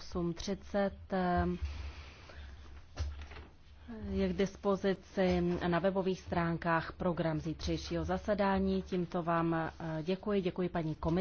8.30 eh, je k dispozici na webových stránkách program zítřejšího zasedání. Tímto vám eh, děkuji, děkuji paní komisi.